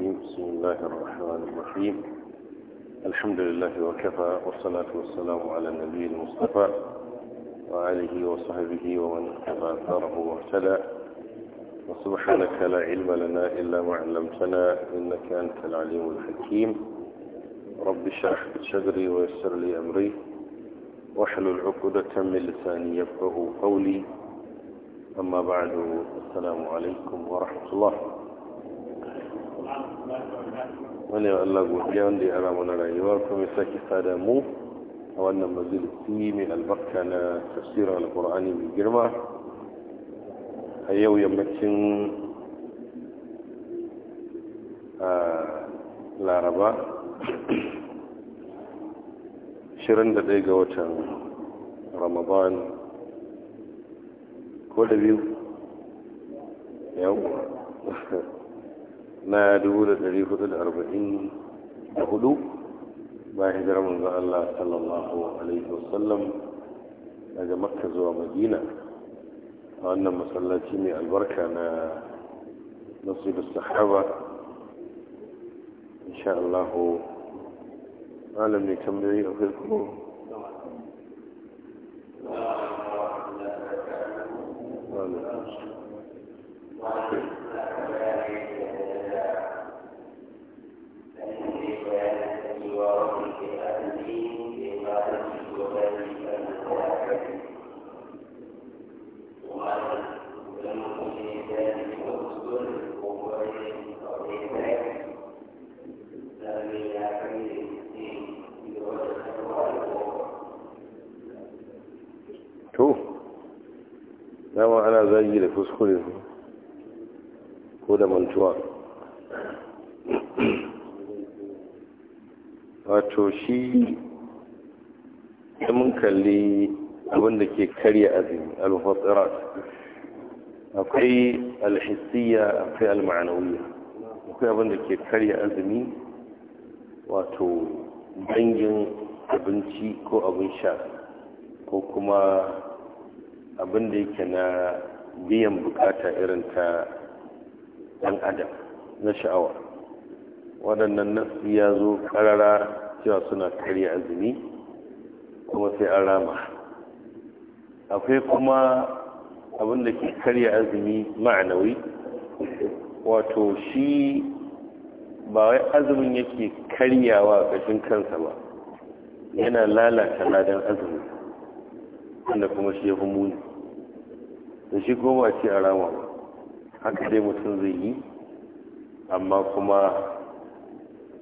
الرحيم بسم الله الرحمن الرحيم الحمد لله وكفى والصلاة والسلام على النبي المصطفى وعليه وصحبه ومن اتبع ثاره واهتدى وسبحانك لا علم لنا إلا ما علمتنا إنك أنت العليم الحكيم رب اشرح لي صدري ويسر لي أمري واحلل عقدة من لساني يفقه قولي أما بعد السلام عليكم ورحمة الله wani Allah godiya wanda ya ara mana rayuwa kuma ya sake sada mu a wannan majalisi mai albarka na tafsirin alkur'ani mai girma a yau yammacin laraba 21 ga watan ramadan ko da biyu Yau. ما دول تريفة الأربعين أهدو باهد رمان الله صلى الله عليه وسلم هذا مكة زوى مدينة وأن مسلتين البركة نصيب الصحابة إن شاء الله أعلم كم يغيركم Thank you. dama ana zagi da kuskure ko da mantuwa wato shi da mun kalli abinda ke karya azumi al akwai al-hissiya akwai al akwai abinda ke karya azumi wato dangin abinci ko abin sha ko kuma abin da yake na biyan bukata irin ta ɗan adam na sha'awa waɗannan nasu ya zo ƙarara cewa suna karya azumi kuma sai an rama akwai kuma abin da ke karya azumi ma'anawi wato shi ba wai azumin yake karyawa ƙashin kansa ba yana lalata ladan azumi wanda kuma shi ya fi muni da shi goma ce a rama haka dai mutum zai yi amma kuma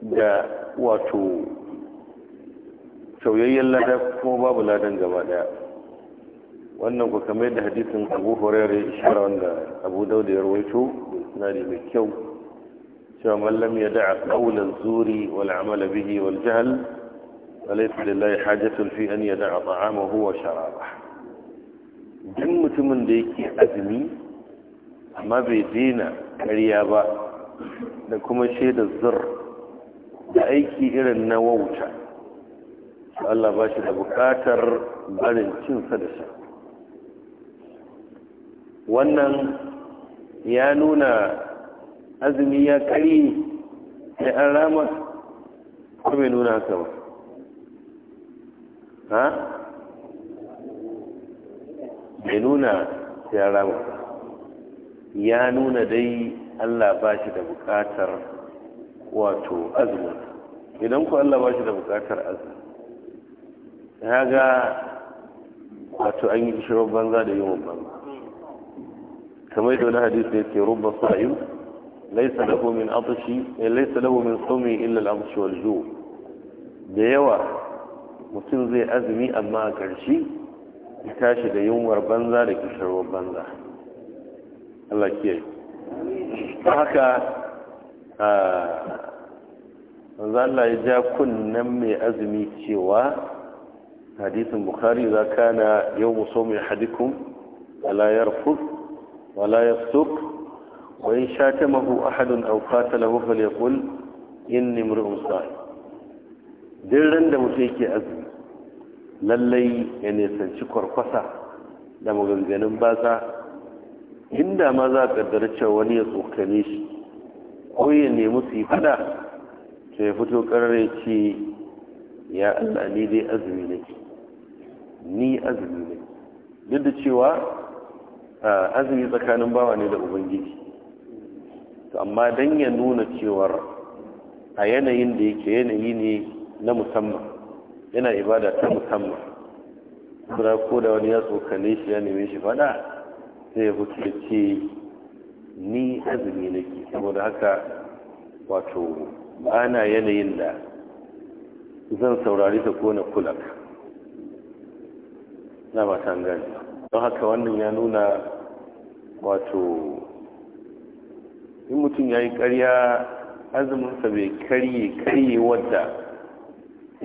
da wato sauyayyen lada kuma babu ladan gaba daya wannan ku kamar da hadisin abu horere ishara wanda abu dauda ya rawaito sinari mai kyau cewa mallam ya da'a kaulan zuri wal amala bihi wal jahl فليس لله حاجة في أن يدع shara ba. duk mutumin da yake azumi amma bai daina karya ba da kuma shaida zur da aiki irin na wauta Allah ba shi da bukatar barin cinsa da sha wannan ya nuna azumi ya kari da an ko bai nuna haka ba ha mai nuna ya rama ya nuna dai Allah ba shi da buƙatar wato azumin idan ku Allah ba shi da buƙatar azumin ya ga wato an yi rubban banza da yawan banza kamar da wani hadisi ya ce rubba ayu laisa lahu min atashi eh, laisa da homin sumi illa al wal da yawa mutum zai azumi amma a ƙarshe Ki tashi da yunwar banza da kishirwar banza Allah ke ta haka manzo Allah ya ja kunnen mai azumi cewa hadisin bukhari za ka na kana yawmu mai hadikum wala yarfus wala yafsuk wa in shatamahu ahadun aw qatalahu falyaqul inni imru'un sa'im duk ran da mutu yake azumi lallai ya nisanci kwarkwasa da maganganun baza inda ma za a ƙaddara cewa wani ya tsokane shi ko ya nemi su yi fada to ya fito karare ce ya Allah ni dai azumi ne ni azumi ne duk da cewa azumi tsakanin bawa ne da ubangiji to amma dan ya nuna cewar a yanayin da yake yanayi ne na musamman yana ibada ta musamman suna ko da wani ya tsokane shi ya neme shi fada sai ya fito ya ce ni azumi nake saboda haka wato ba na yanayin da zan saurari ta kona kulak na ba ta gani don haka wannan ya nuna wato in mutum ya yi karya azuminsa bai karye karye wadda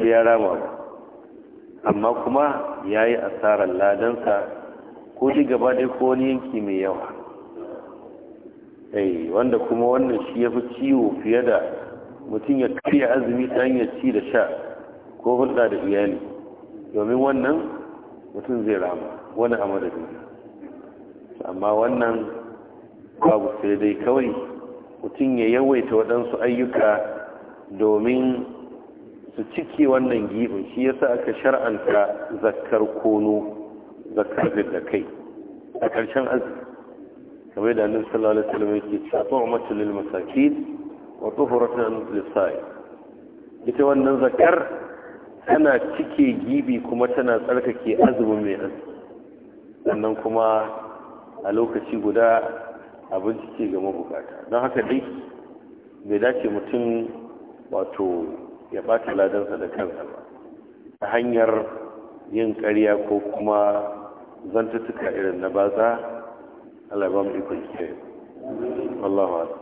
ya rama ba amma kuma ya yi asarar ladansa ko shi gaba ɗaya ko wani yanki mai yawa ai eh, wanda kuma wannan shi ya fi ciwo fiye da mutum ya karya azumi ta hanyar ci da sha ko hulɗa da iyali domin wannan mutum zai rama wani a madadin amma wannan babu sai dai kawai mutum ya yawaita waɗansu ayyuka domin su cike wannan gibin shi yasa aka shar'anta zakkar kono zakkar da kai a ƙarshen azumi kamar yadda annabi sallallahu alaihi wasallam yake cewa tu'matu lil masakin wa tuhuratan lis sa'i ita wannan zakkar tana cike gibi kuma tana tsarkake azumin mai azumi sannan kuma a lokaci guda abin ce ga mabukata don haka dai bai dace mutum wato ya ɓata ladansa da kansa ba ta hanyar yin ƙarya ko kuma zantuttuka irin na baza. Allah mu ikon ke wallahu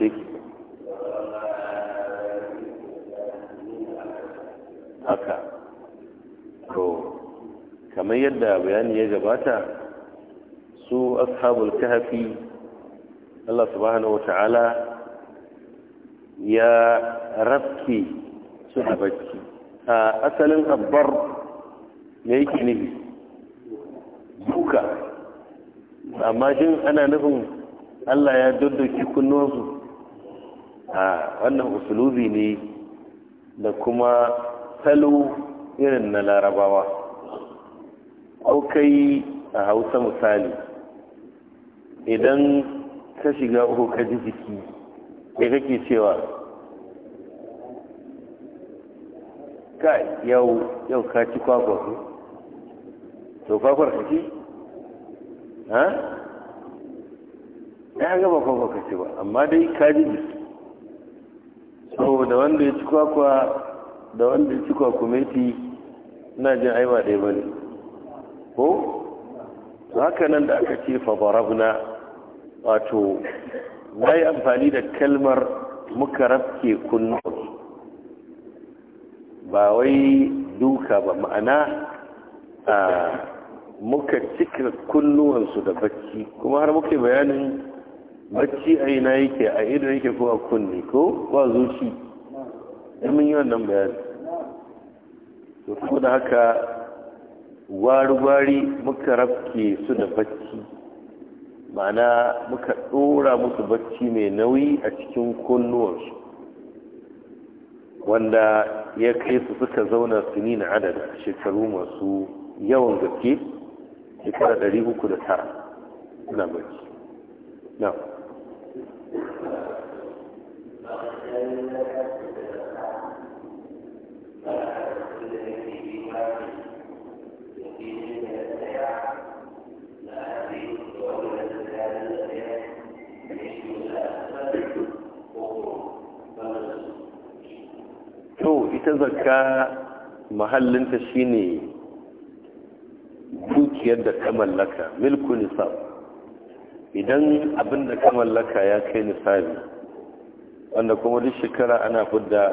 Thank you. kamar yadda bayani ya gabata su ashabul kahfi Allah subhanahu wata'ala ya rafke su a bacci a asalin abbar me yake nufi duka amma jin ana nufin Allah ya daddauki kunnuwansu a wannan usulubi ne da kuma salo irin na larabawa kai a hausa misali idan ka shiga uku ka ji jiki ya kake cewa ka yau yau ka ci kwakwa ko to kwakwar ka ci ha ya gaba kwakwa ka ci ba amma dai ka ji jiki so da wanda ya ci kwakwa da wanda ya ci kwakwa ci ina jin aima ɗaya ba ne ko haka nan da aka ce fabarabna wato na yi amfani da kalmar muka rafke kunnu ba wai duka ba ma'ana a muka cika kunnuwansu da bacci kuma har muke bayanin bacci a ina yake a ido yake ko a kunne ko ba zuci mun yi wannan bayani to da haka gwari-gwari muka rafke su da bacci mana muka ɗora musu bacci mai nauyi a cikin kunnuwarsu wanda ya kai su suka zauna su na adada shekaru masu yawan gaske shekara ɗari uku na bacci na ita zakka mahallinta shine dukiyar da ka mallaka milku nisab idan abin da ka mallaka ya kai nisabi wanda kuma duk shekara ana fudda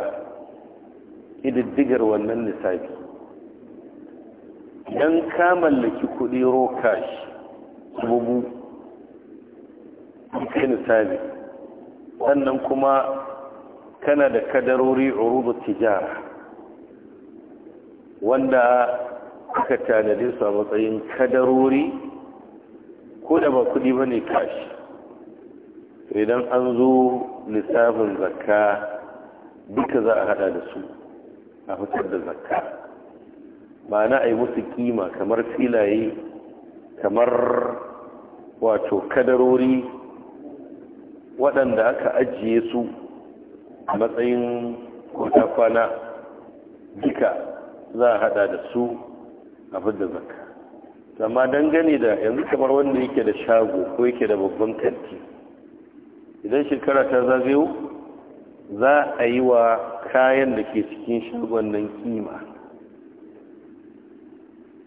kididdigar wannan nisabi idan ka mallaki kuɗi rokash bubu kai nisabi sannan kuma kana da kadarori urubu tijara wanda aka tanadi su a matsayin kadarori ko da ba kudi ba ne kashi idan an zo lissafin zakka duka za a hada da su a fitar da zakka ba na a yi musu kima kamar filaye kamar wato kadarori waɗanda aka ajiye su a matsayin kwana duka za a hada da su a fi da zakka don dangane da yanzu kamar wanda yake da shago ko yake da babban kanti idan shekara ta zagayo za a yi wa kayan da ke cikin shagon nan kima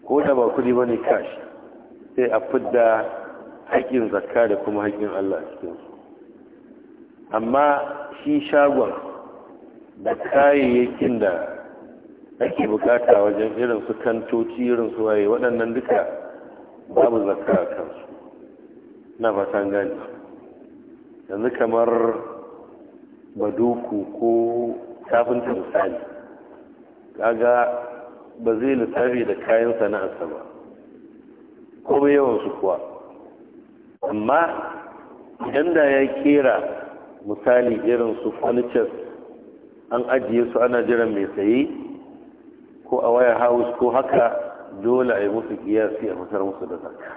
ko da ba kudi ba ne kashi sai a fidda haƙƙin zakka da kuma haƙƙin Allah cikinsu amma shi shagon da kayayyakin da ake bukata wajen irin su kantoci irin su waye waɗannan duka babu zakka a kansu na fatan gani yanzu kamar baduku ko kafinta misali kaga ba zai lissafi da kayan sana'arsa ba ko bai su kuwa amma idan da ya kera misali irin su furniture an ajiye su ana jiran mai saye ko a waya house ko haka dole a yi musu kiyasi a fitar musu da zarka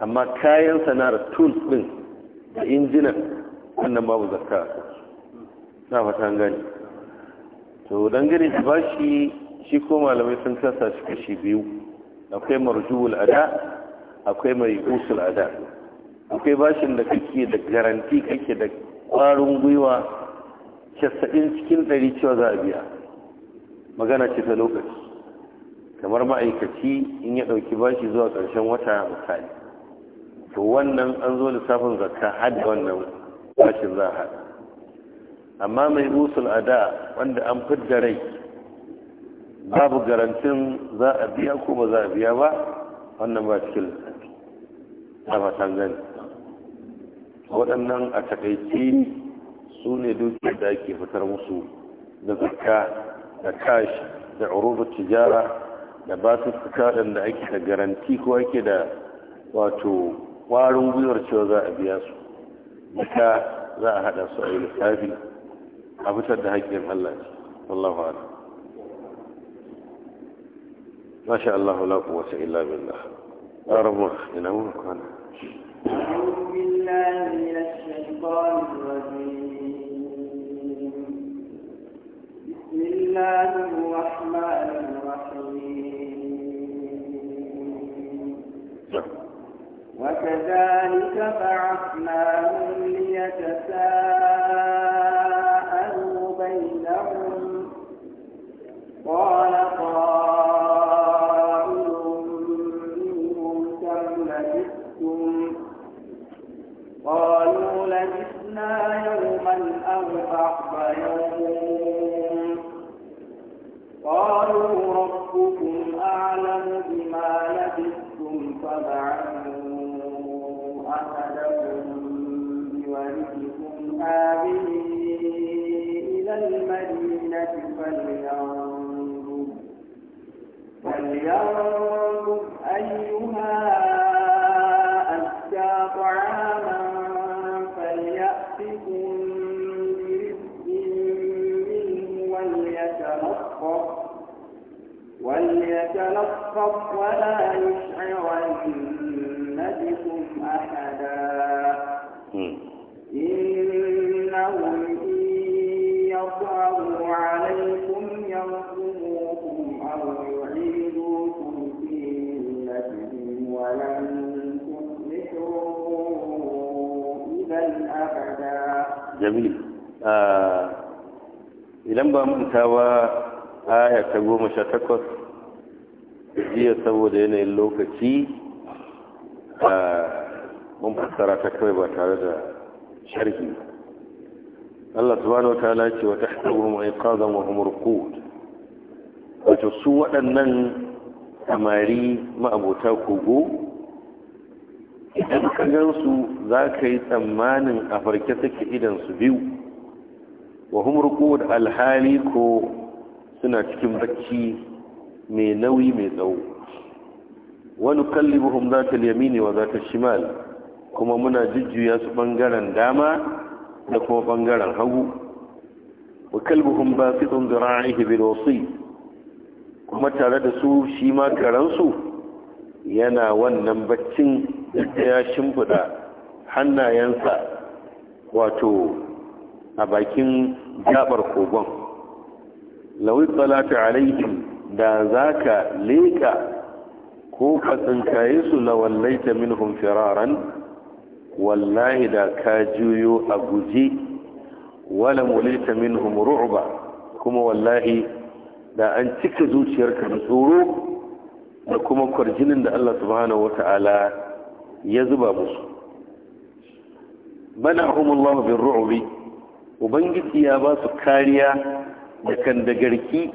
amma kayan sanar tools din da injinan wannan babu zarka a na fata gani to dangane su ba shi shi ko malamai sun kasa shi kashi biyu akwai marjuwul ada akwai mai usul ada akwai bashin da kake da garanti kake da ƙwarin gwiwa casa'in cikin ɗari cewa za a biya magana ce ta lokaci kamar ma'aikaci in ya ɗauki bashi zuwa ƙarshen wata misali to wannan an zo lissafin zakka har da wannan bashin za a haɗa amma mai usul ada wanda an fidda rai babu garantin za a biya ko ba za a biya ba wannan ba cikin lissafi a matan gani waɗannan a takaice su ne dukiyar da ake fitar musu da zakka da kashi da urubu tijara da ba su da ake da garanti ko ake da wato ƙwarin gwiwar cewa za a biya su duka za a haɗa su a yi lissafi a fitar da haƙƙin Allah wallahu a'lam masha Allah la quwwata illa billah ya rabu ina mun kwana وكذلك بعثناهم ليتساءلوا idan ba manta ba aya ta goma sha takwas jiya saboda yanayin lokaci mun fassara ta kawai ba tare da sharhi Allah subhanahu wa ta'ala ce wa tahtabuhum iqadan wa hum ruqud wato su waɗannan samari ma'abota kogo idan ka su za ka yi tsammanin a farke suke idan su biyu wa hum ruqud alhali ko suna cikin bacci mai nauyi mai tsawo wa nukallibuhum za al-yamini wa zata shimal kuma muna jujjuya su bangaren dama da kuma bangaren hagu wa kalbuhum basitun dhira'ihi bil wasi kuma tare da su shi ma karansu yana wannan baccin da ya shimfida hannayensa wato a bakin gabar kogon Lawi Salatu alaihim da za ka leƙa ko ka tsinkaye su lawallaita minhum firaran wallahi da ka juyo a guje wala mulita minhum ru'ba kuma wallahi da an cika zuciyarka da tsoro da kuma kwarjinin da Allah subhanahu Ta'ala ya zuba musu bana humullahu bin ru'bi ubangiji ya ba su kariya da kan da garki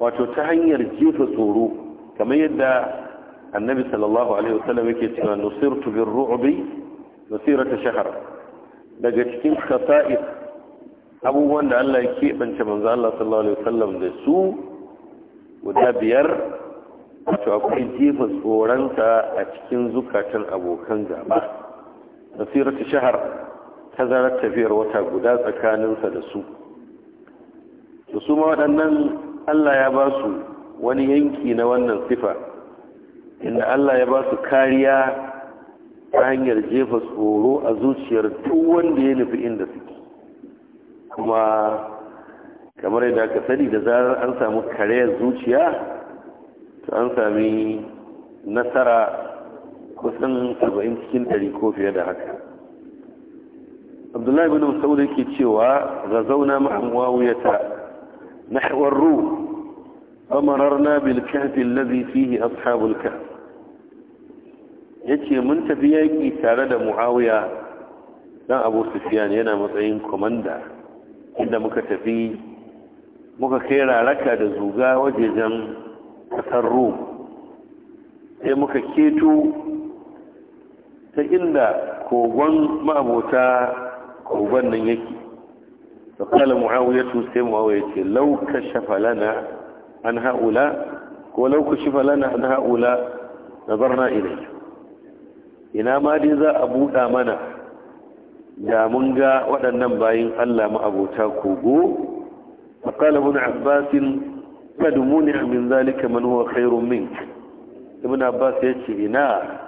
wato ta hanyar jefa tsoro kamar yadda annabi sallallahu alaihi wasallam yake cewa nusirtu bir ru'bi nusirata shahar daga cikin khasa'is abubuwan da Allah ya keɓance manzo Allah sallallahu alaihi wasallam da su guda biyar wato akwai jefa tsoronsa a cikin zukatan abokan gaba nasiratu shahar tazarar tafiyar wata guda tsakaninsa da su da su ma waɗannan allah ya ba su wani yanki na wannan sifa inda allah ya ba su kariya ta hanyar jefa tsoro a zuciyar duk wanda ya nufi inda suke kuma kamar yadda aka sani da zarar an samu karayar zuciya to an sami nasara kusan 70 cikin 100 ko fiye da haka abdullahi bin mas'ud yake cewa gazauna ma'a muawiyata nahwar ru ruh na بالكهف الذي fihi أصحاب Ya yace mun tafi yaƙi tare da muawiya dan abu sufyan yana matsayin komanda inda muka tafi muka kai raraka da zuga wajejen ƙasar ru. sai muka keto ta inda kogon ma'abota uban nan yake da kala mu'awiyatu sai mu'awiya ce law shafalana lana an haula ko law kashafa an haula nazarna ina ma dai za a buɗa mana da mun ga waɗannan bayin Allah ma'abota kogo a ƙalibin abbasin ƙadumuni a min zalika huwa khairun min ibn abbas ya ce ina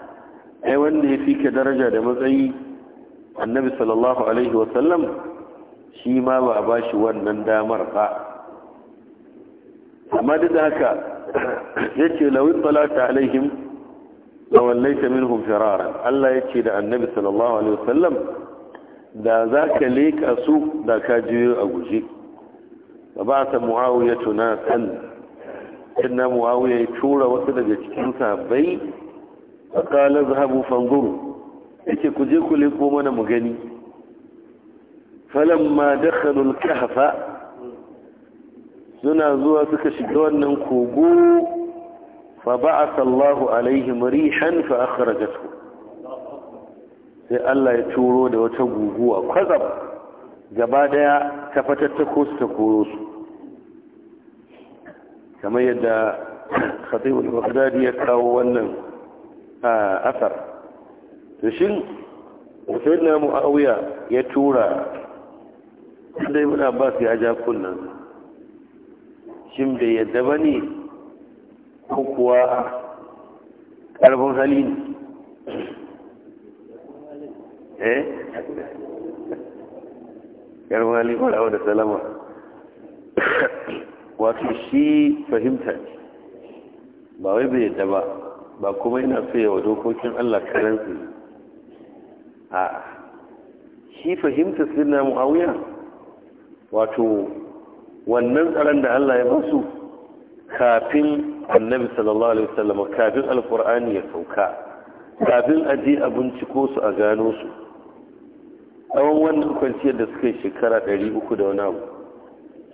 ai wanda ya fi daraja da matsayi annabi sallallahu alaihi wasallam shi ma ba ba shi wannan damar ba amma duk da haka ya ce lawin talata alaihim da wallaita minhum firaran Allah ya ce da annabi sallallahu alaihi wasallam da za ka leƙa su da ka jiyo a guje ba ba ta muawiya tuna kan inna muawiya ya tura wasu daga cikin sabai a kala zahabu fanzuru yake ku je ku leko mana mu gani falamma dakhalul kahfa suna zuwa suka shiga wannan kogo fa ba'atha Allahu alaihim rihan fa akhrajathu sai Allah ya turo da wata guguwa kwazab gaba daya ta fatattako su ta koro su kamar yadda khatibul baghdadi ya kawo wannan a ah, asar to shin sai na mu'awiya ya tura wanda ibn abbas ya ja kunnan shin bai yadda ba ne ko kuwa ƙarfin hali ne eh ƙarfin hali farawa da salama wato shi fahimta ne ba wai bai yadda ba ba kuma yana so ya wa dokokin allah karansu a shi fahimta sirna muawiya wato wannan tsaron da Allah ya basu kafin annabi sallallahu alaihi wasallam kafin alqur'ani ya sauka kafin a je a binciko su a gano su tsawon wannan kwanciyar da suka yi shekara ɗari uku da wani abu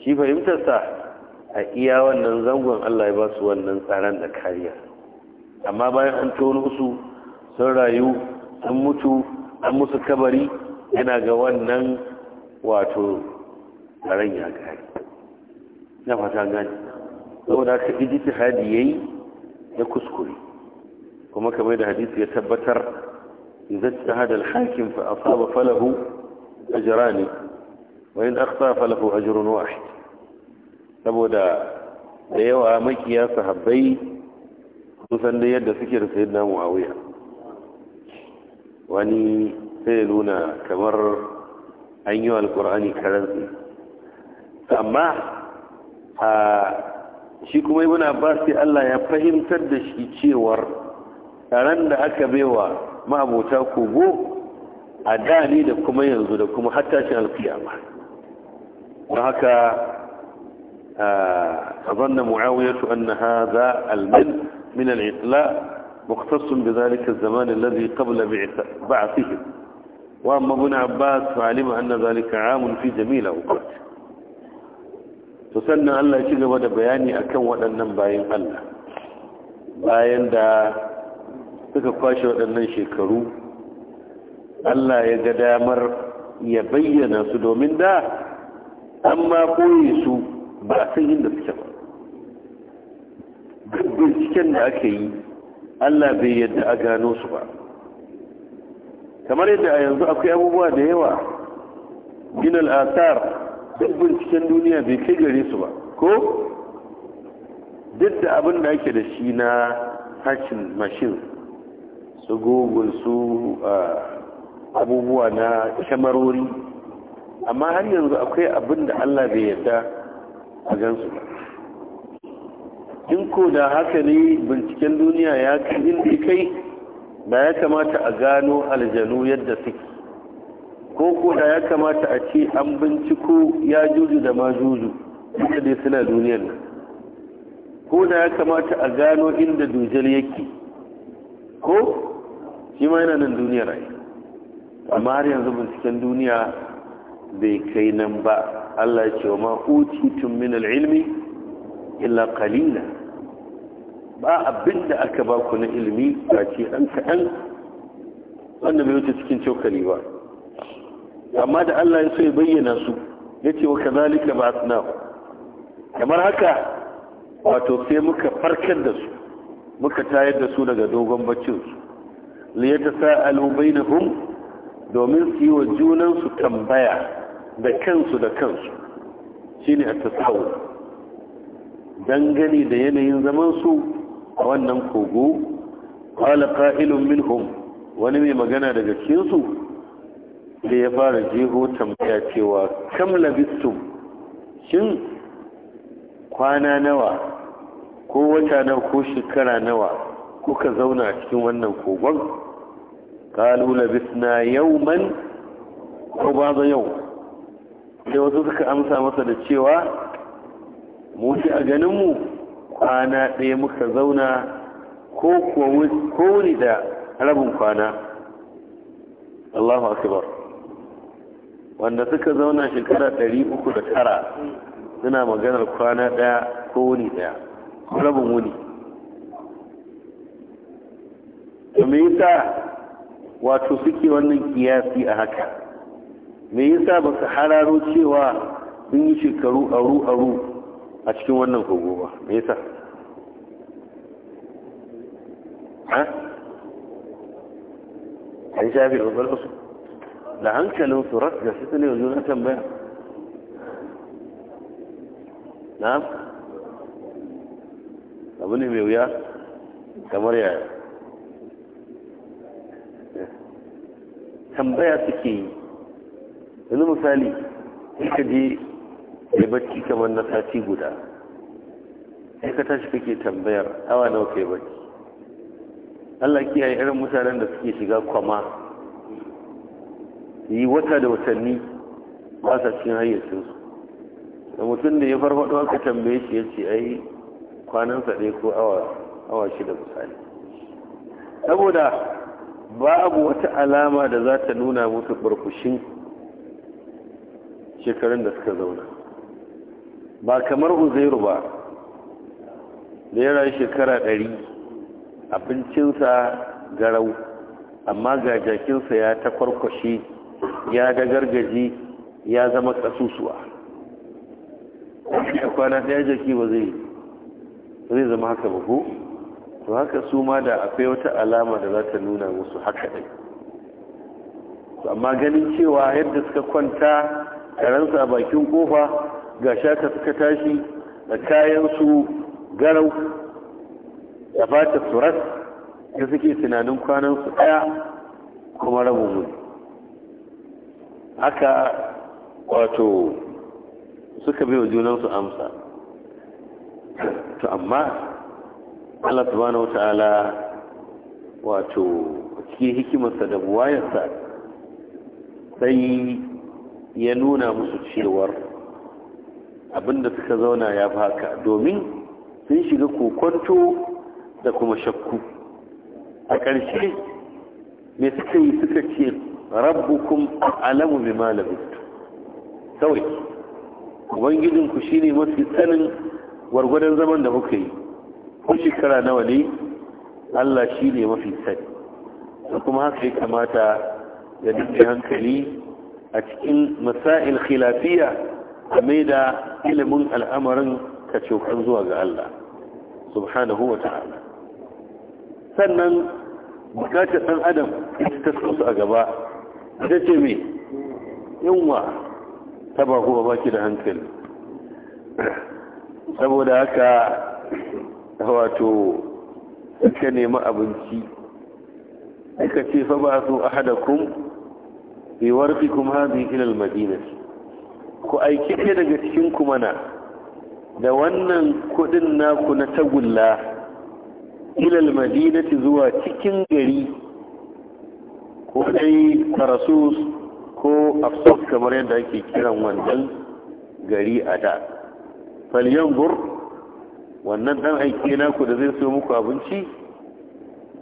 shi fahimtarsa a iya wannan zangon Allah ya ba su wannan tsaron da kariya amma bayan an tono su sun rayu sun mutu an musu kabari yana ga wannan wato ran ya kare na fata gani saboda haka ijiti hadi yayi ya kuskure kuma kamar da hadisi ya tabbatar idan tahada al-hakim fa asaba falahu ajran wa in akhta falahu ajrun wahid saboda da yawa makiya sahabbai kusan da yadda suke da sayyidina muawiya wani sai nuna kamar an yi alkur'ani amma a shi kuma ibn abbas sai Allah ya fahimtar da shi cewar ran da aka baiwa ma'abota kogo a da ne da kuma yanzu da kuma hatta shi alkiyama don haka a zanna mu'awiyatu anna hadha al-min min min al مختص بذلك الزمان الذي قبل بعثهم وأما ابن عباس فعلم أن ذلك عام في جميع الأوقات تسنى الله يشيغ بدا بياني أكن waɗannan bayan Allah bayan da suka kwashe waɗannan shekaru Allah ya ga damar ya bayyana su domin da an ma su ba a san suke ba duk binciken da aka yi Allah bai yadda a gano su ba kamar yadda a yanzu akwai abubuwa da yawa gina al'asar duk binciken duniya bai kai gare su ba ko duk da abin da ake da shi na hashin mashin su google su abubuwa na kyamarori amma har yanzu akwai abin da Allah bai yadda a gansu ba in ko da haka ne binciken duniya ya kai inda kai da ya kamata a gano aljanu yadda suke ko ko da ya kamata a ce an binciko ya juju da ma juju inda dai suna duniyar nan ko da ya kamata a gano inda dujal yake ko shi ma yana nan duniyar ai amma har yanzu binciken duniya bai kai nan ba Allah ya ce wa ma tun min al'ilmi illa qalila ba abinda aka ba ku na ilimi ba ce ɗan kaɗan wanda bai wuce cikin cokali ba amma da Allah ya so ya bayyana su ya wa kazalika ba asna kamar haka wato sai muka farkar da su muka tayar da su daga dogon baccin su li sa'alu bainahum domin su yi wa junan su tambaya da kansu da kansu shine at-tasawwur dangane da yanayin zamansu a wannan kogo qala qa'ilun minhum wani mai magana daga cikinsu da ya fara jeho tambaya cewa kam labistum shin kwana nawa ko wata nawa ko shekara nawa kuka zauna cikin wannan kogon kalu labisna yauman ko ba yau sai wasu suka amsa masa da cewa mu shi a ganinmu kwana ɗaya muka zauna ko kowani da rabin kwana allahu akbar wanda suka zauna shekara ɗari uku da tara suna maganar kwana ɗaya ko wuni ɗaya rabin wuni me yasa wato suke wannan kiyasi a haka me yasa ba su hararo cewa sun yi shekaru aru aru a cikin wannan kogo ba me yasa ha an shafi babbar su da hankalin su ras da su ne yanzu na tambaya na abu ne mai wuya kamar yaya tambaya suke yi yanzu misali ka je ya bacci kamar na sati guda sai ka tashi kake tambayar awa nawa kai bacci Allah kiyaye irin mutanen da suke shiga kwama yi wata da watanni ba sa cikin hayyacinsu da mutum da ya farfaɗo aka tambaye shi ya ce ai kwanansa ɗaya ko awa shida misali saboda babu wata alama da za ta nuna musu burkushin shekarun da suka zauna ba kamar uzairu ba da ya shekara ɗari abincinsa garau amma ga jakinsa ya ta kwarkwashe ya gargaji, ya zama kasusuwa a kwana ɗaya jaki ba zai zai zama haka ba ko to haka su ma da akwai wata alama da za ta nuna musu haka ɗai amma ganin cewa yadda suka kwanta karansa a bakin kofa ga shaka suka tashi da kayansu garau ya ba ta da suke tunanin kwanansu ɗaya kuma rabu mu haka wato suka bi wa junansu amsa to amma Allah subhanahu wa ta'ala wato cikin hikimarsa da buwayarsa sai ya nuna musu cewar abinda suka zauna ya fi haka domin sun shiga kokonto da kuma shakku a ƙarshe me suka yi suka ce rabbukum alamu bi malabistu kawai ubangijinku shine mafi tsanin gwargwadon zaman da muka yi ko shekara nawa ne Allah ne mafi tsani da kuma haka ya kamata ya dubbe hankali a cikin masail khilafiya a mai da ilimin al'amarin ka cokan zuwa ga Allah subhanahu wa ta'ala sannan bukatar ɗan adam ta su a gaba ita ce mai yunwa ta ba kuma baki da hankali saboda haka wato ka nemi abinci aka ce fa ba su ahadakum bi warfikum hadhihi ila al-madinah ku aiki ɗaya daga cikin ku mana da wannan kuɗin naku na tagulla ilal madinati zuwa cikin gari ko dai karasus ko afsos kamar yadda ake kiran wannan gari a da bur wannan dan aiki naku da zai so muku abinci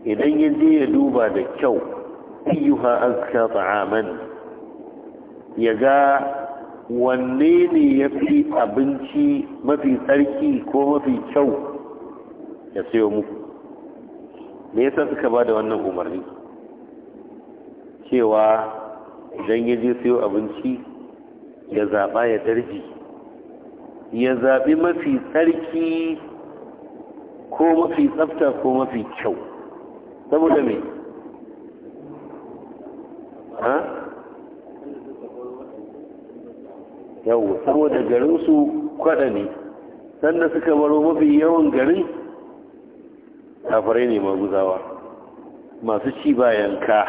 idan ya je ya duba da kyau ayyuha azka ta'aman ya ga wanne ne ya fi abinci mafi tsarki ko mafi kyau ya sayo muku me yasa suka ba da wannan umarni cewa idan ya je sayo abinci ya zaɓa ya darji ya zaɓi mafi tsarki ko mafi tsafta ko mafi kyau saboda me ha yawo saboda garinsu kwada ne sanda suka baro mafi yawan garin kafirai ne maguzawa masu ci bayanka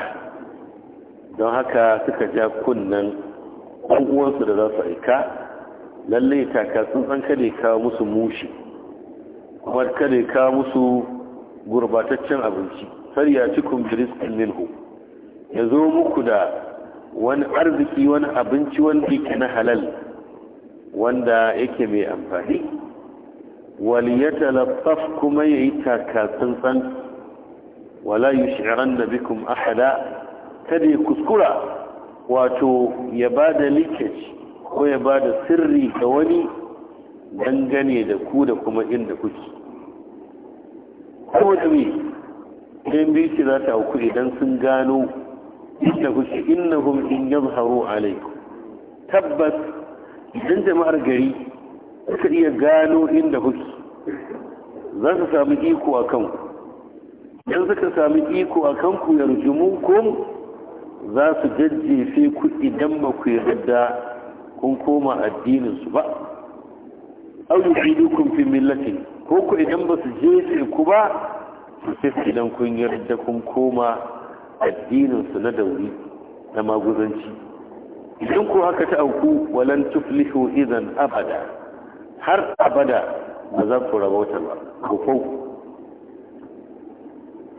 don haka suka ja kunnan uwansu da za su aika lallai taka sun san ya kawo musu mushi kuma kada kawo musu gurbataccen abinci sariya cikin biriskin milho ya zo muku da wani arziki wani abinci wanda ke na halal wanda yake mai amfani waliyatalaffaf kuma yayi san, wala yush'iranna bikum ahada kada ya kuskura wato ya bada leakage ko ya bada sirri ga wani dangane da ku da kuma inda kuke ko da me dan za ta hauku idan sun gano inda kuke innahum in yadhharu alaykum tabbas idan jama'ar gari suka iya gano inda kuke za su sami iko a kanku idan suka sami iko a kanku yarjumukum za su jajjefe ku idan ba ku yarda kun koma addininsu ba aw yufidukum fi millati ko ku idan ba su jefe ku ba sai idan kun yarda kun koma addininsu na dauri na maguzanci idan ku haka ta auku walan tuflihu idan abada har abada ba za ku rabauta ba ku kau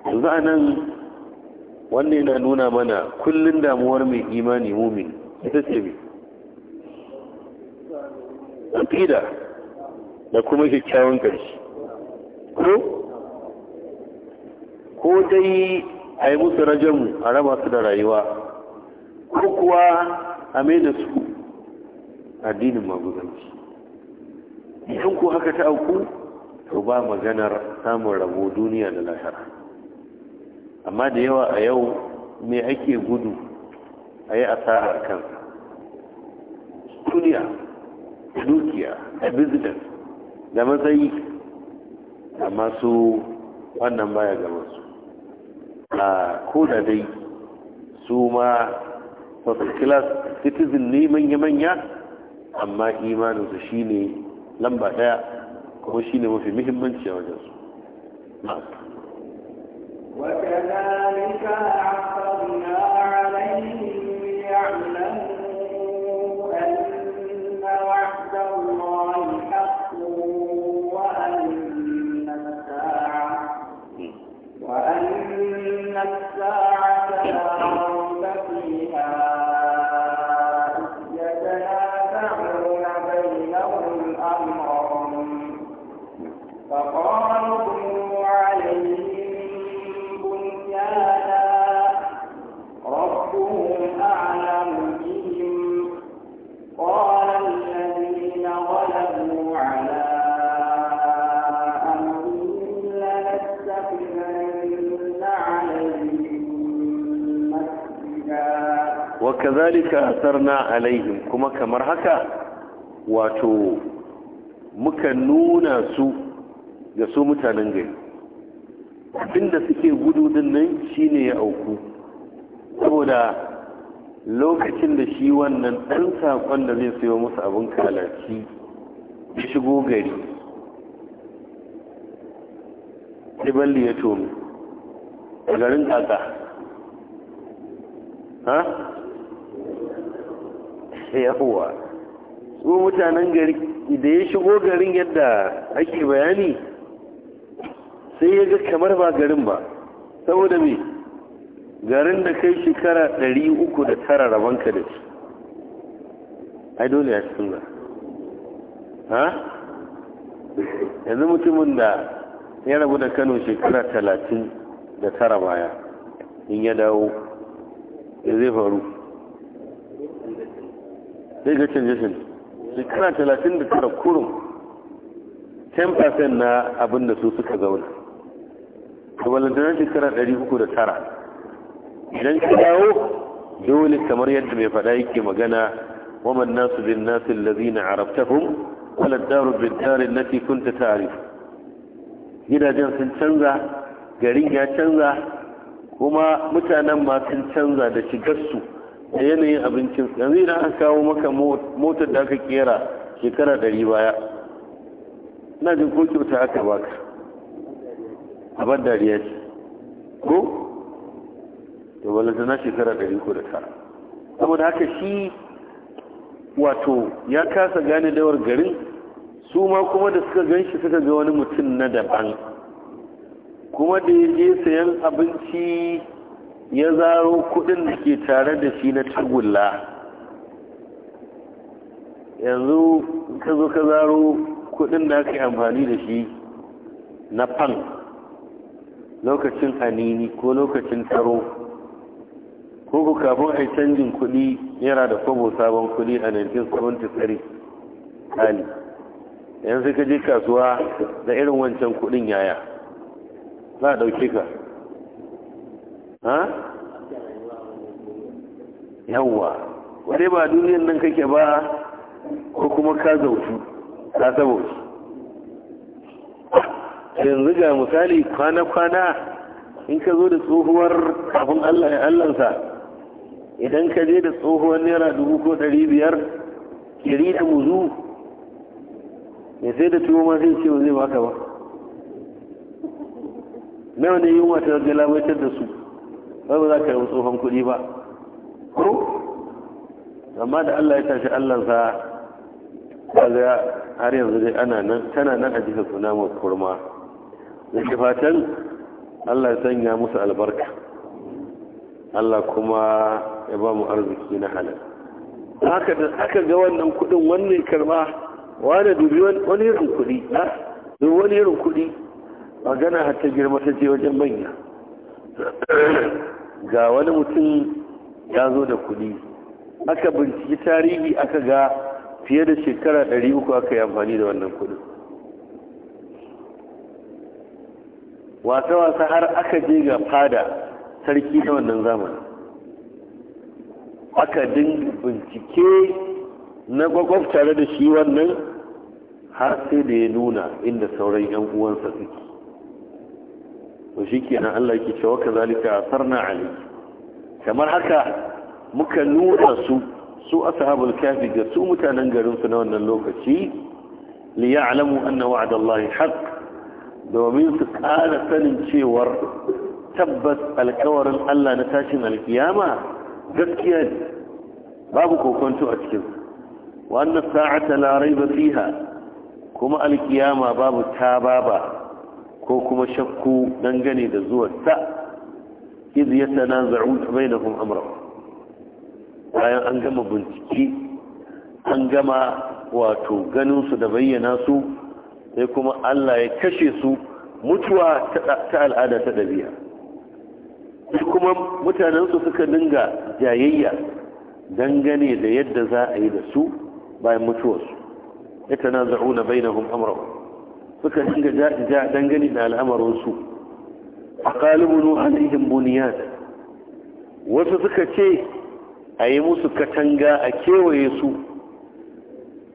yanzu a nan wannan yana nuna mana kullum damuwar mai imani mumin ita ce mai aƙida da kuma kyakkyawan ƙarshe ko ko dai ai yi musu rajamu a raba su da rayuwa ko kuwa a da su addinin magudanci idan ku haka ta auku to ba maganar samun rabo duniya da lahara, amma da yawa a yau me ake gudu a yi asarar kansa duniya dukiya a da matsayi amma su wannan baya gama su a ko da dai su ma first citizen ne manya-manya amma imaninsu shi ne lamba daya kuma shi ne mafi muhimmanci a wajensu وكذلك wa kazalika asarna alaihim kuma kamar haka wato muka nuna su ga su mutanen gari da suke gudu din nan shine ya auku saboda lokacin da shi wannan ɗan saƙon da zai sayo musu abin kalaci ya shigo gari iballi ya tomi garin kaka ha yawa su mutanen gari da ya shigo garin yadda ake bayani sai ya ga kamar ba garin ba saboda me garin da kai shekara 309 rabanka da shi ai dole ya suna ha yanzu mutumin da ya rabu da kano shekara 39 baya in ya dawo ya zai faru zai ga canje shi shekara talatin da tara kurum 10% na abin da su suka zauna da walantarar shekara 309 idan ka dawo dole kamar yadda mai faɗa yake magana waman nasu bin nasu lazina na wala daru bin na nati ta tarif gidajen sun canza garin ya canza kuma mutanen ma sun canza da shigarsu da yanayin abincin yanzu idan an kawo maka motar da aka kera shekara ɗari baya na jin ko kyauta aka baka abar dariya ce ko da balanta na shekara ɗari ko da tara saboda haka shi wato ya kasa gane dawar garin su ma kuma da suka gan shi suka ga wani mutum na daban kuma da ya je sayan abinci ya zaro kudin da ke tare da shi na tagulla yanzu ka zo ka zaro kudin da aka yi amfani da shi na fan lokacin anini ko lokacin taro ko ku kafin a canjin kudi yana da kwabo sabon kudi a 1973 hali yanzu ka je kasuwa da irin wancan kudin yaya za a dauke ka yawwa wadai ba duniyan nan kake ba ko kuma ka zautu ka sabauci yanzu ga misali kwana-kwana in ka zo da tsohuwar kafin allah ya allansa idan ka je da tsohuwar naira dubu ko ɗari biyar kiri da muzu ya sai da tuwo ma sai ce ba zai baka ba nawa ne yi ta galabaitar da su ba ba za ka yi tsohon kuɗi ba ko amma da Allah ya tashi Allah sa zai har yanzu dai ana nan tana nan a jika suna mu kurma da fatan Allah ya sanya musu albarka Allah kuma ya ba mu arziki na halal haka da aka ga wannan kuɗin wannan karba wani dubi wani irin kuɗi wani irin kuɗi magana har ta girma ta je wajen manya ga wani mutum ya zo da kudi aka binciki tarihi aka ga fiye da shekara 300 aka yi amfani da wannan kuɗin wasa-wasa har aka je ga fada sarki na wannan zamanin aka dinga bincike na kwakwaf tare da shi wannan har sai da ya nuna inda sauran 'yan uwansa suke to ke nan Allah ke cewa ka zalika sarna ali kamar haka muka nuna su su ashabul kafi ga su mutanen garin su na wannan lokaci li ya'lamu anna wa'da Allah haqq domin su ƙara sanin cewar tabbas alkawarin Allah na tashin alkiyama gaskiya ne babu kokonto a cikin wannan sa'ata larai raiba fiha kuma alkiyama babu tababa ko kuma shakku dangane da zuwarsa iz ya tanaza'u bainahum amra bayan an gama bincike an gama wato ganin su da bayyana su sai kuma Allah ya kashe su mutuwa ta al'ada ta ɗabi'a kuma mutanen su suka dinga jayayya dangane da yadda za a yi da su bayan mutuwarsu ya tanaza'u bainahum amra suka dinga ja dangane da al'amarinsu a kalibunu alaihim buniyat wasu suka ce a yi musu katanga a kewaye su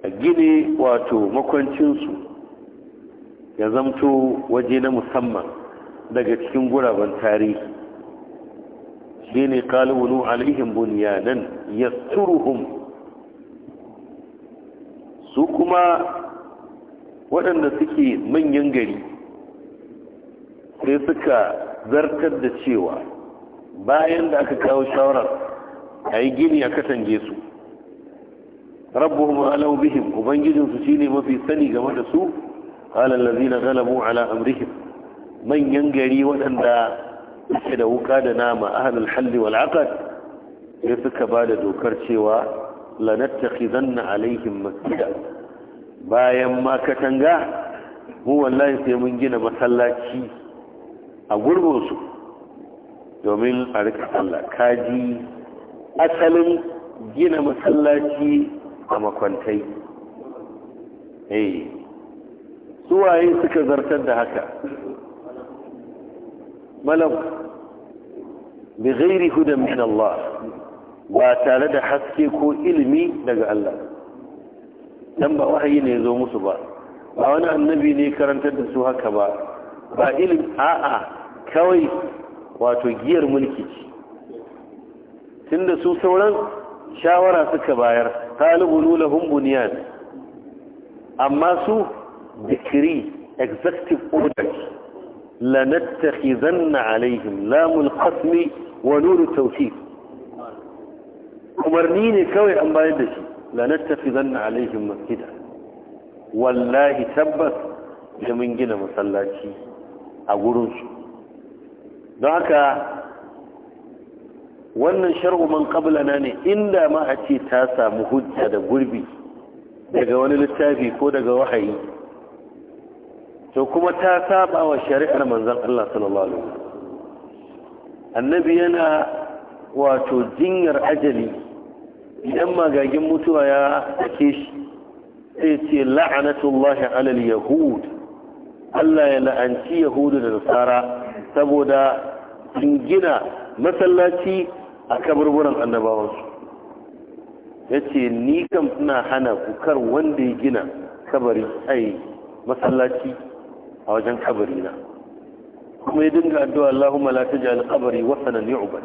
a gine wato makwancinsu ya zamto waje na musamman daga cikin guraben tarihi shi ne kalibunu alaihim buniyanan yasturuhum su kuma waɗanda suke manyan gari sai suka zartar da cewa bayan da aka kawo shawarar a yi gini a katange su rabbuhum alau bihim ubangijinsu shine mafi sani game da su halal lazina galabu ala amrihim manyan gari waɗanda suke da wuka da nama ahlul halli wal aqd sai suka ba da dokar cewa lanattakhizanna alaihim masjida bayan ma katanga mu wallahi sai mun gina masallaci a gurbinsu domin a rika sallah kaji asalin gina masallaci a makwantai eh suwaye suka zartar da haka malam bi ghairi hudan min Allah ba tare da haske ko ilimi daga Allah dan ba wahayi ne ya zo musu ba ba wani annabi ne karantar da su haka ba ba ilim a'a kawai wato giyar mulki ce tunda su sauran shawara suka bayar talibu lahum bunyan amma su dikiri executive order لنتخذن عليهم لام wa ونور التوفيق umarni ne kawai an bayar da shi lanattafizan na alaihim masjida wallahi tabbas da mun gina masallaci a gurinsu don haka wannan shar'u man qablana ne inda ma a ce ta samu hujja da gurbi daga wani littafi ko daga wahayi to kuma ta saba wa shari'ar manzon Allah sallallahu alaihi wasallam annabi yana wato jinyar ajali idan magagin mutuwa ya ake shi sai ce la'anatullahi alal yahud Allah ya la'anci yahudu da nasara saboda sun gina masallaci a kaburburan annabawansu ya ce ni kam suna hana kukar wanda ya gina kabari ai masallaci a wajen kabari na kuma ya dinga addu'a Allahumma la taj'al qabri wasanan yu'bad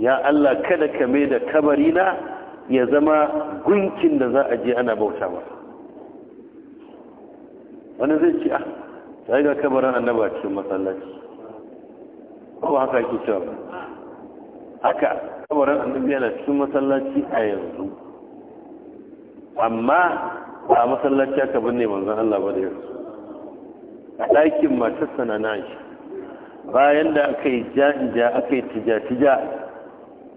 ya Allah kada ka mai da kabarina ya zama gunkin da za a je ana bauta ba wani zai ce ah ta ga kabarin annaba cikin masallaci ko haka ke cewa ba haka kabarin annaba yana cikin masallaci a yanzu amma ba a masallaci aka binne manzan Allah ba da yanzu a ɗakin matarsa na nashi bayan da aka yi ja'ija aka yi tija-tija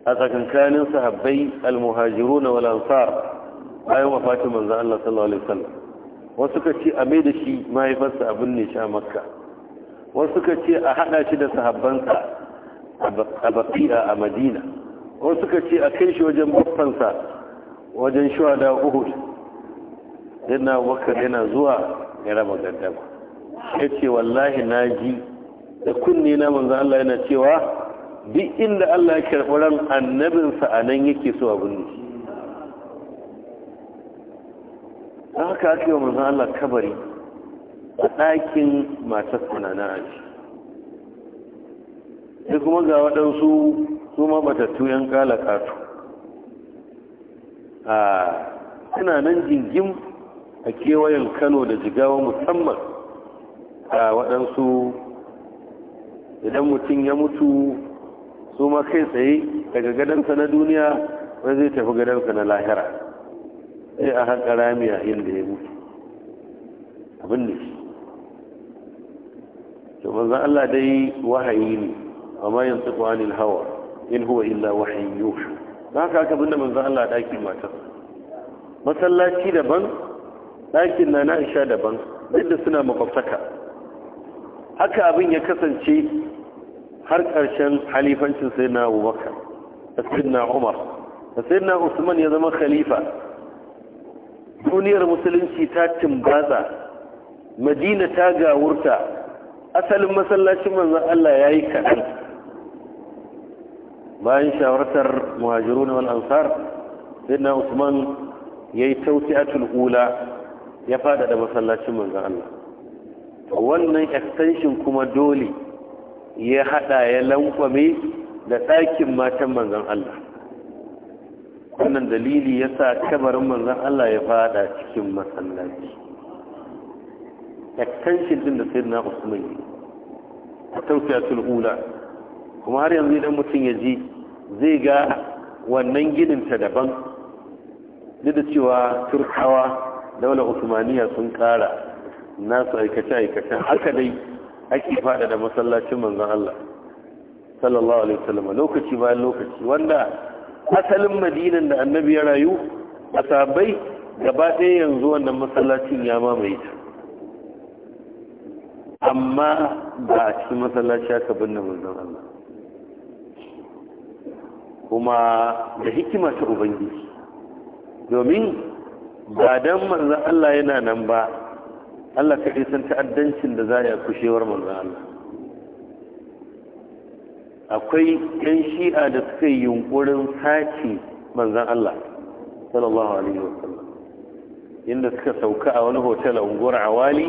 a tsakankanin sahabbai almuhajiru na walansar bayan wafatin manzan Allah sallallahu alaihi wasallam wasu suka ce a mai da shi mahaifarsa abin ne sha makka wasu suka ce a haɗa shi da sahabbansa a baki'a a madina wasu suka ce a kai shi wajen bafansa wajen da uhud yana waka yana zuwa ya raba gaddama ya ce wallahi na ji da kunne na manzan Allah yana cewa duk inda Allah ya karɓi ran annabinsa a nan yake so a ne haka aka wa manzan Allah kabari a ɗakin matar sanana a ce sai kuma ga waɗansu su batattu yan kala katu a suna nan jingim a kewayen kano da jigawa musamman a waɗansu idan mutum ya mutu su ma kai tsaye daga gadansa na duniya wai zai tafi gadansa na lahira sai a haƙa rami a inda ya mutu abin da shi to manzan Allah dai wahayi ne amma yin tsuku anil hawa in huwa illa wahayi yau. Na haka haka abin da manzan Allah ɗakin matar masallaci daban ɗakin na na isha daban duk da suna makwabtaka haka abin ya kasance har ƙarshen halifancin sai na abubakar da sai na umar da sai na usman ya zama khalifa duniyar musulunci ta timbaza madina ta gawurta asalin masallacin manzan allah ya yi kaɗan bayan shawartar muhajiru na ansar sai na usman ya yi tauti ula ya faɗaɗa masallacin manzan allah wannan extension kuma dole ya haɗa ya lankwame da ɗakin matan manzan Allah wannan dalili ya sa kabarin manzan Allah ya fada cikin masallaci extension din da sai na usman yi a ula kuma har yanzu idan mutum ya ji zai ga wannan ta daban duk da cewa turkawa daular usmaniya sun ƙara nasu aikace-aikacen haka dai ake fada da masallacin manzon Allah sallallahu alaihi wasallam lokaci bayan lokaci wanda asalin madinan da annabi ya rayu a sabai gaba ɗaya yanzu wannan masallacin ya mamaye ta amma ba a cikin masallaci aka binne manzon Allah kuma da hikima ta ubangiji domin ba dan manzon Allah yana nan ba Allah kaɗai san ta'addancin da za a kushewar manzan Allah akwai ɗan shi'a da suka yi yunƙurin sace manzan Allah sallallahu alaihi wa sallam inda suka sauka a wani hotel a unguwar awali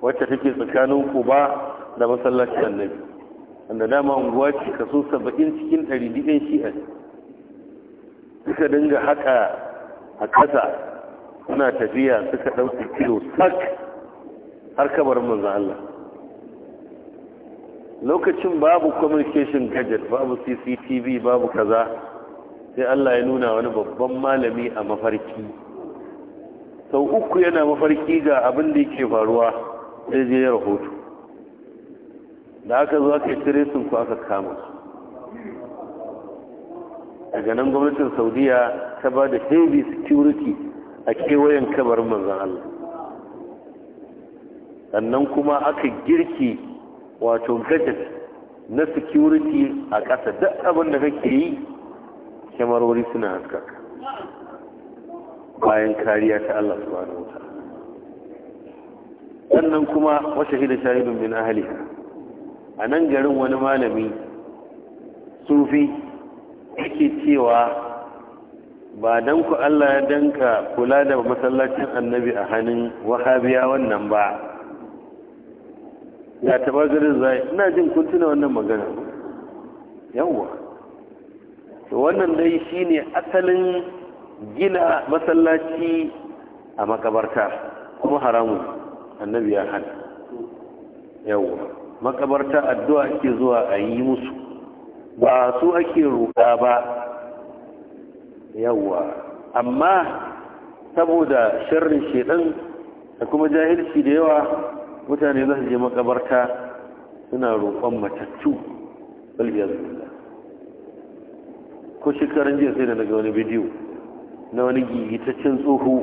wacce take tsakanin kuba da masallacin annabi wanda dama unguwa ce kaso saba'in cikin ɗari ɗin shi'a suka dinga haka a ƙasa suna tafiya suka ɗauki kilo sak har kabarin manzan Allah lokacin babu communication gadget babu cctv babu kaza sai Allah ya nuna wani babban malami a mafarki sau uku yana mafarki ga abin da yake faruwa sai je ya rahoto da aka zo aka cire sun ku aka kama daga nan gwamnatin saudiya ta ba da heavy security a kewayen kabarin manzan Allah sannan kuma aka girki wato gadget na security a ƙasa duk abin da kake yi kyamarori suna haskaka bayan kariya ta Allah subhanahu wa sannan kuma wata shahida shahidun min ahliha a nan garin wani malami sufi yake cewa ba dan ku Allah ya danka kula da masallacin annabi a hannun wahabiya wannan ba ya taba garin zai ina jin kuntuna wannan magana yawwa wannan dai shine asalin gina masallaci a makabarta kuma haramun annabi ya hana yawwa makabarta addu'a ke zuwa a yi musu ba su ake ruɗa ba yawwa amma saboda sharrin shedan da kuma jahilci da yawa mutane za su je makabarta suna roƙon matattu balbiyar zuwa ko shekaran jiya sai da daga wani bidiyo na wani gigitaccen tsoho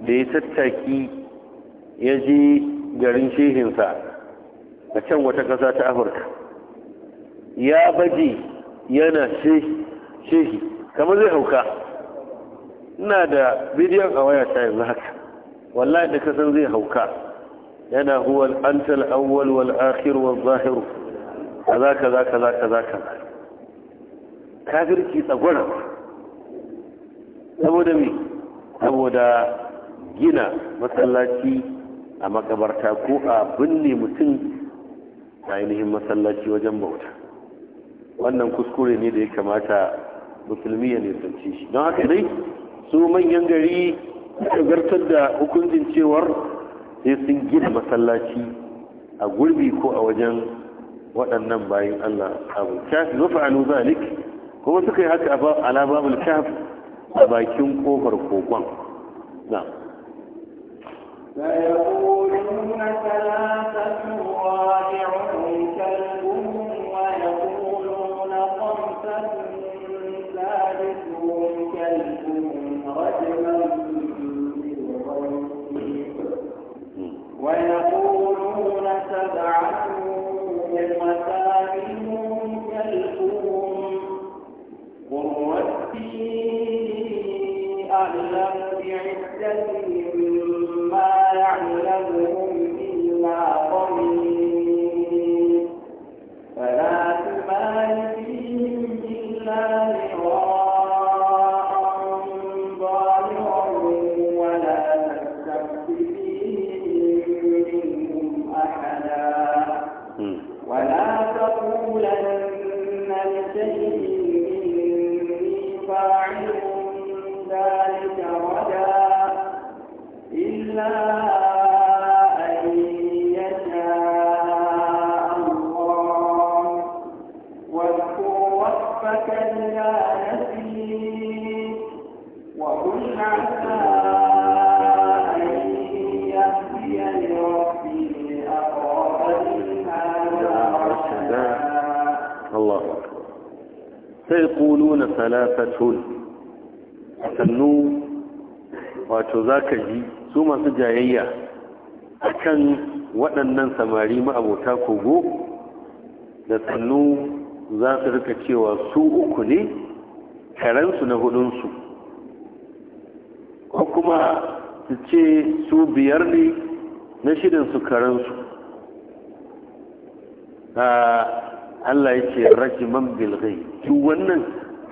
da ya tattaki ya je garin shehinsa a can wata ƙasa ta afirka ya baje yana shehi kamar zai hauka ina da bidiyon a waya ta yanzu haka wallahi da kasan zai hauka yana huwa antal al-awwal wal akhir wal zahir kaza kaza kaza kaza kaza kafirci tsagwara saboda me saboda gina masallaci a makabarta ko a binne mutum a ainihin masallaci wajen bauta wannan kuskure ne da ya kamata musulmi ya nisanci shi don haka dai su manyan gari gartar da hukuncin cewar sai sun gina masallaci a gurbi ko a wajen waɗannan bayan Allah abu shafi zufa a zalik kuma suka yi haka a alababul kaf a bakin kofar kogon na ya yi وإن masu jayayya a kan waɗannan samari ma'abota kogo da sannu za su rika cewa su uku ne karensu na hudunsu ko kuma su ce su biyar ne na shidansu karensu Allah ya ce rajiman bilgai duk wannan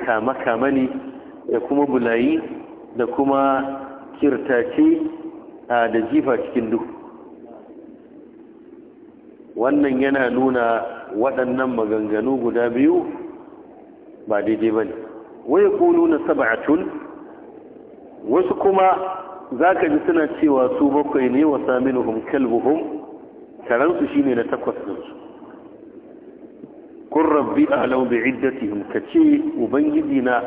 kama-kama ne da kuma bulayi da kuma kirtace da jifa cikin duk. wannan yana nuna waɗannan maganganu guda biyu ba daidai ba ne wai kulu na tun? wasu kuma za ka ji suna cewa su bakwai ne wa saminuhum kalbuhum karansu ne na takwas ɗinsu kun rabbi a alau bi iddatihim ka ce ubangiji na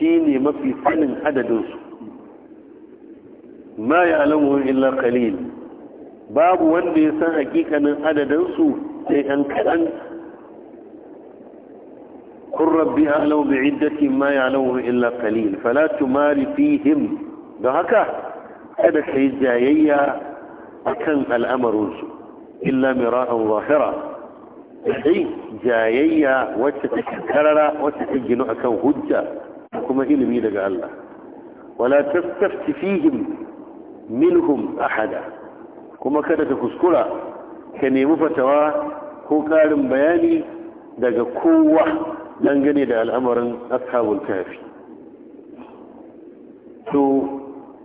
ne mafi sanin adadinsu ma ya alamu illa kalil babu wanda ya san hakikanin adadansu sai an kaɗan kun rabbi alamu bi iddati ma ya alamu illa kalil falatu mari fihim don haka kada ka yi jayayya a kan al'amarinsu illa mira'an zahira sai jayayya wacce ta karara wacce ta gino a kan hujja kuma ilimi daga Allah wala tastafti fihim minhum ahada kuma kada ka kuskura ka nemi fatawa ko ƙarin bayani daga kowa dangane da al'amarin ashabul kafi to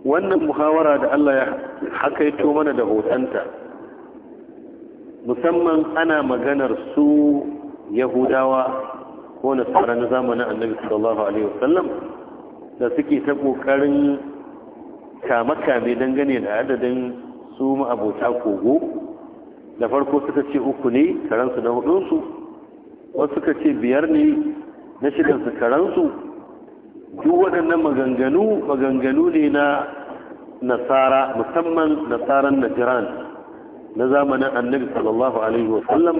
wannan muhawara da Allah ya hakaito mana da hotonta musamman ana maganar su yahudawa ko nasara na zamanin annabi sallallahu alaihi wasallam da suke ta ƙoƙarin kame-kame dangane da adadin su ma'abota kogo da farko suka ce uku ne karansu da hudunsu wasu suka ce biyar ne na shidansu karansu duk waɗannan maganganu maganganu ne na nasara musamman nasaran najiran na zamanin annabi sallallahu alaihi wasallam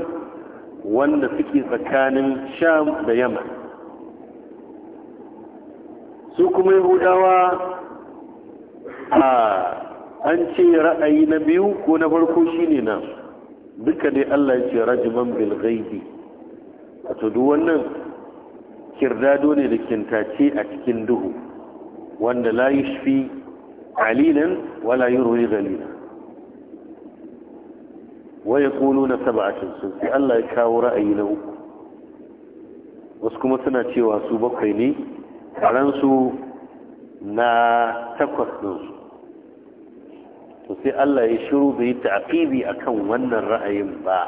wanda suke tsakanin sham da yamma su kuma yahudawa an ce ra'ayi na biyu ko na farko shine nan duka dai Allah ya ce rajiman bil ghaibi wato duk wannan kirdado ne da kintace a cikin duhu wanda la yushfi qalilan wala yurwi ghalilan wa yaquluna sab'atun sun sai Allah ya kawo ra'ayi na uku wasu kuma suna cewa su bakwai ne ransu na takwas ɗinsu to sai Allah ya shiru bai taqibi akan wannan ra'ayin ba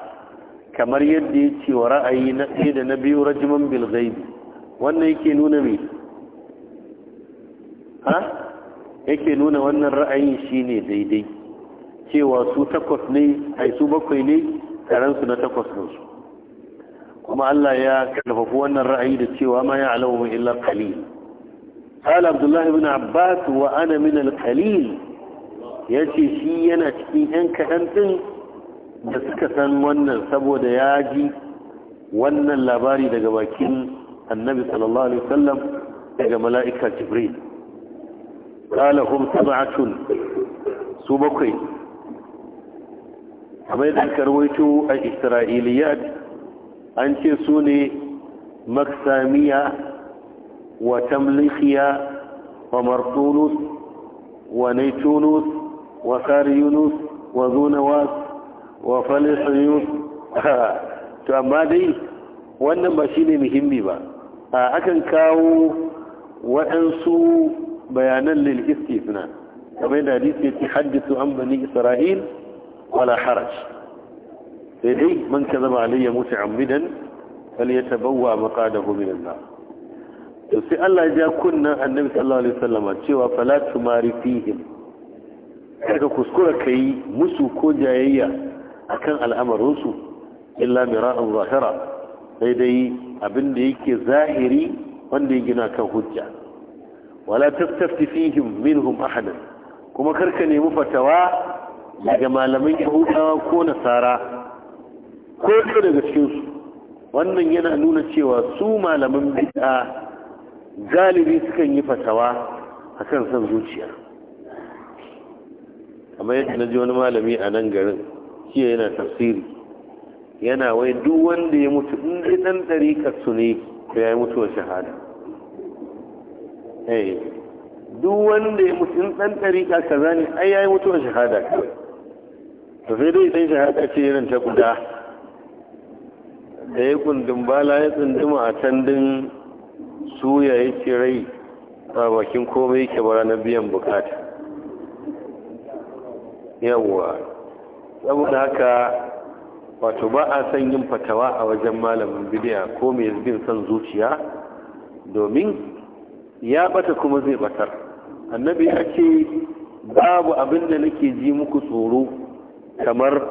kamar yadda ya ce wa ra'ayi na ɗaya da na biyu rajiman bil ghaibi wannan yake nuna me ha yake nuna wannan ra'ayin shine daidai cewa su takwas ne ai su bakwai ne karansu na takwas su. kuma Allah ya karfafi wannan ra'ayi da cewa ma ya alamu illa qalil قال عبد الله بن عباس وأنا من القليل ya ce shi yana cikin 'yan kaɗan ɗin da suka san wannan saboda ya ji wannan labari daga bakin annabi sallallahu alaihi wasallam daga mala'ika jibril qala hum sab'atun su bakwai kamar da a isra'iliyat an ce su ne maksamiya wa tamlikiya wa martunus wa naitunus وسار يونس وذو نواس وفلح يونس to amma dai wannan ba shi ne muhimmi ba a akan kawo waɗansu bayanan lil istithna kamar da hadisi ya haddisu an bani isra'il wala haraj sai dai man kazaba alayya muta'ammidan falyatabawwa maqadahu da an-nar to sai Allah ya ja kunnan annabi sallallahu alaihi wasallam cewa fala mari fihim ka kuskura ka yi musu ko jayayya akan al'amarinsu illa mira'an zahira sai dai abin da yake zahiri wanda ya gina kan hujja wala tastafti fihim minhum ahadan kuma karka nemi fatawa daga malaman yahudawa ko nasara ko ɗaya daga cikinsu wannan yana nuna cewa su malaman bid'a galibi sukan yi fatawa akan son zuciya amma yadda na ji wani malami a nan garin shi yana tafsiri yana wai duk wanda ya mutu in ji dan ɗarikar su ne ko ya yi mutuwar shahada eh, duk wanda ya mutu in dan ɗarika kaza ne ai ya yi mutuwar shahada kawai to sai dai sai shahada ce irin ta guda da ya kundin bala ya tsunduma a tandin suya ya ce rai a bakin komai yake bara na biyan bukata Yawwa saboda haka wato ba a san yin fatawa a wajen malamin bidiya ko mai bin son zuciya domin ya bata kuma zai batar annabi ya ce babu abin da nake ji muku tsoro kamar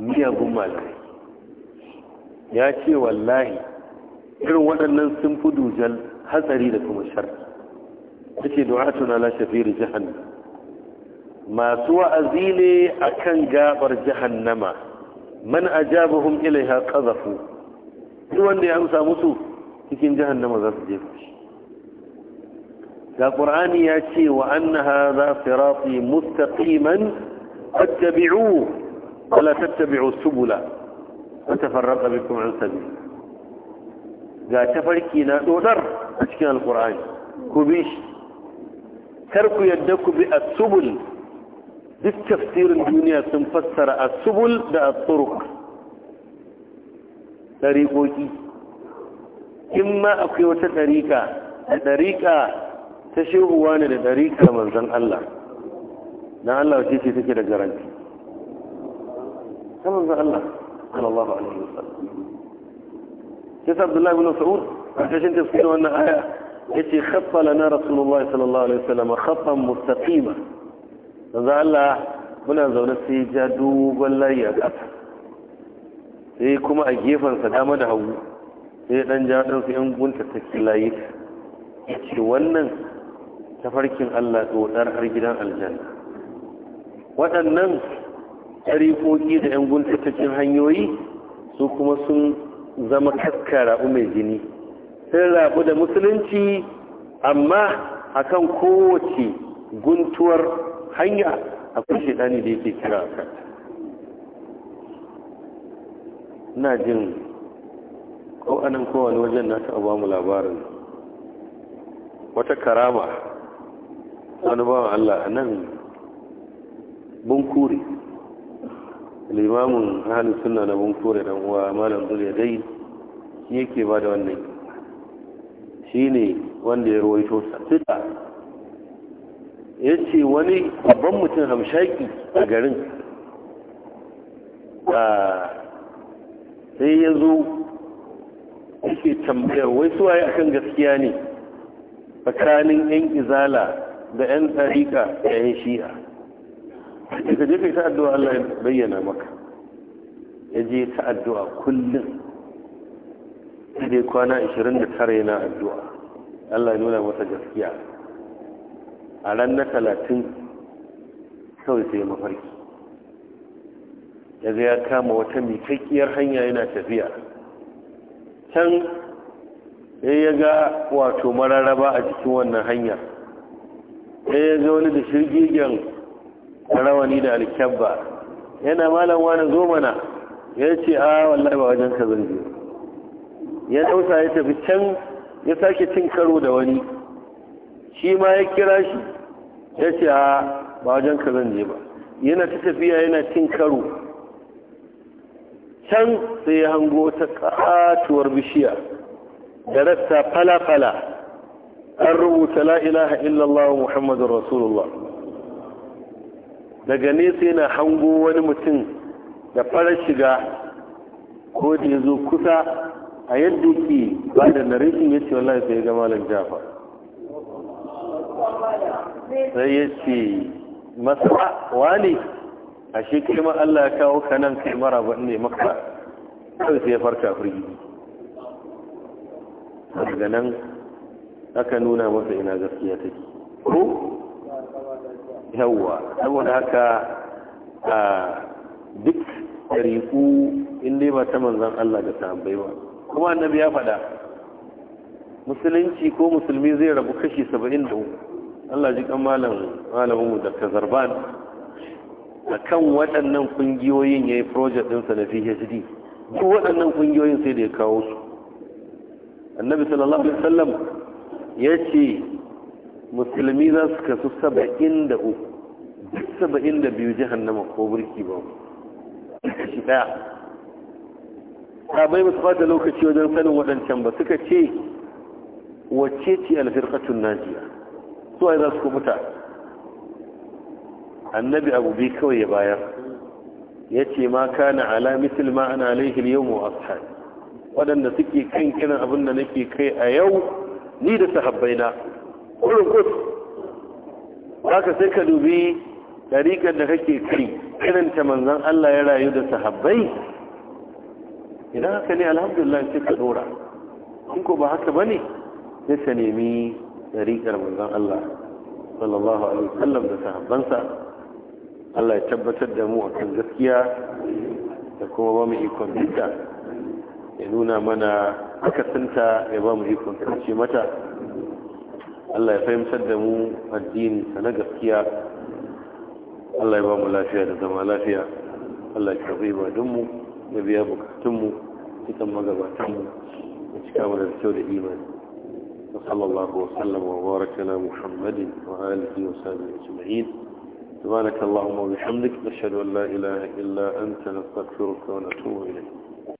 miyagun malamai ya ce wallahi irin waɗannan sun fi dujal hatsari da kuma shar ta ce du'atuna la shafiru jahannam masu wa'azi ne akan gabar jahannama man ajabahum ilaiha qazafu duk wanda ya amsa musu cikin jahannama za su jefa shi ga qur'ani ya ce wa anna hadha sirati mustaqiman fattabi'u wa la tattabi'u subula wa tafarraqa bikum an sabil ga tafarki na dodar a cikin alqur'ani ku bi shi kar ku yadda ku bi as-subul بالتفسير الدنيا تنفسر السبل بالطرق طريقه إما أكوة طريقة طريقة تشيه وانا لطريقة من ذن الله لا الله وشيكي تكيد جرانك كما ذن الله صلى الله عليه وسلم كيف عبد الله بن سعود عشان تفكروا أن آية يتي لنا رسول الله صلى الله عليه وسلم خطا مستقيما manzo Allah muna zaune sai ja dogon layi a ƙasa sai kuma a gefensa dama da hagu sai dan ja dan su ‘yan gunta ke layi ce wannan tafarkin Allah dodar har gidan aljanna waɗannan tarikoki da yan gunta hanyoyi su kuma sun zama kaskara mai jini sai rabu da musulunci amma akan kowace guntuwar hanya akwai ɗani da yake kira a na jin ko anan kowane wajen na taɓa ba mu labarin wata karama wani bawan Allah a nan bunkure limamin halin suna na bunkure dan uwa malam zuriya dai yake ba da wannan shi ne wanda ya ruwaito sa ya ce wani babban mutum hamshaki a garin sai ya zo yake tambayar wai suwaye akan gaskiya ne tsakanin 'yan izala da 'yan tsarika da 'yan shi'a ka je kai ta addu'a Allah ya bayyana maka ya je ta'addu'a kullum ya je kwana 29 yana addu'a Allah ya nuna masa gaskiya a ran na talatin kawai sai mafarki ya ya kama wata mikakkiyar hanya yana tafiya can ya ya ga wato mararaba a cikin wannan hanya ya ya ga wani da shirgigen rawani da alkyabba yana malam wani zo mana ya ce a wallahi ba wajen ka zan ya dausa ya tafi can ya sake cin karo da wani shi ma ya kira shi ya ce a ba wajen ka zan je ba yana ta tafiya yana cin karo can sai ya hango ta katuwar bishiya da rasta fala-fala an rubuta la ilaha illallah muhammadun rasulullah daga nesa yana hango wani mutum da farar shiga ko da ya zo kusa a yadda ke ba da narishin ya ce wallahi sai ya ga malam sai ya ce masa wani a shi kalma Allah ya kawo kanan kai mara ba ne maka sai sai ya farka firgidi daga nan aka nuna masa ina gaskiya ta ke. ko yawwa saboda haka a duk tariku in dai ba ta manzan Allah da sahabbai ba kuma annabi ya faɗa musulunci ko musulmi zai rabu kashi saba'in da uku Allah ji kan malam malamin mu Dr. Zarban akan waɗannan kungiyoyin yayi project din sa na PhD duk waɗannan kungiyoyin sai da ya kawo su Annabi sallallahu alaihi wasallam ce musulmi za su kasu 73 duk 72 jahannama ko burki ba shi daya sabai musu bata lokaci wajen sanin waɗancan ba suka ce wacce ce alfirkatun najiya su ai za su kubuta annabi abu bi kawai ya bayar ya ce ma kana ala mitil ma ana alaihi yau mu ashabi waɗanda suke kan kiran abin da nake kai a yau ni da sahabbaina ƙurin kus haka sai ka dubi ɗariƙar da kake kai irin ta manzan Allah ya rayu da sahabbai idan haka ne alhamdulillah sai ka dora in ko ba haka ba ne sai ka nemi ɗariƙar manzan Allah sallallahu alaihi wasallam da sahabbansa Allah ya tabbatar da mu a kan gaskiya da kuma ba mu ikon bita ya nuna mana akasinta ya ba mu ikon kace mata Allah ya fahimtar da mu addini na gaskiya Allah ya ba mu lafiya da zama lafiya Allah ya karbi ibadunmu ya biya bukatunmu cikin magabatanmu ya cika mana da kyau da imani وصلى الله وسلم وبارك على محمد وآله وصحبه أجمعين سبحانك اللهم وبحمدك نشهد أن لا إله إلا أنت نستغفرك ونتوب إليك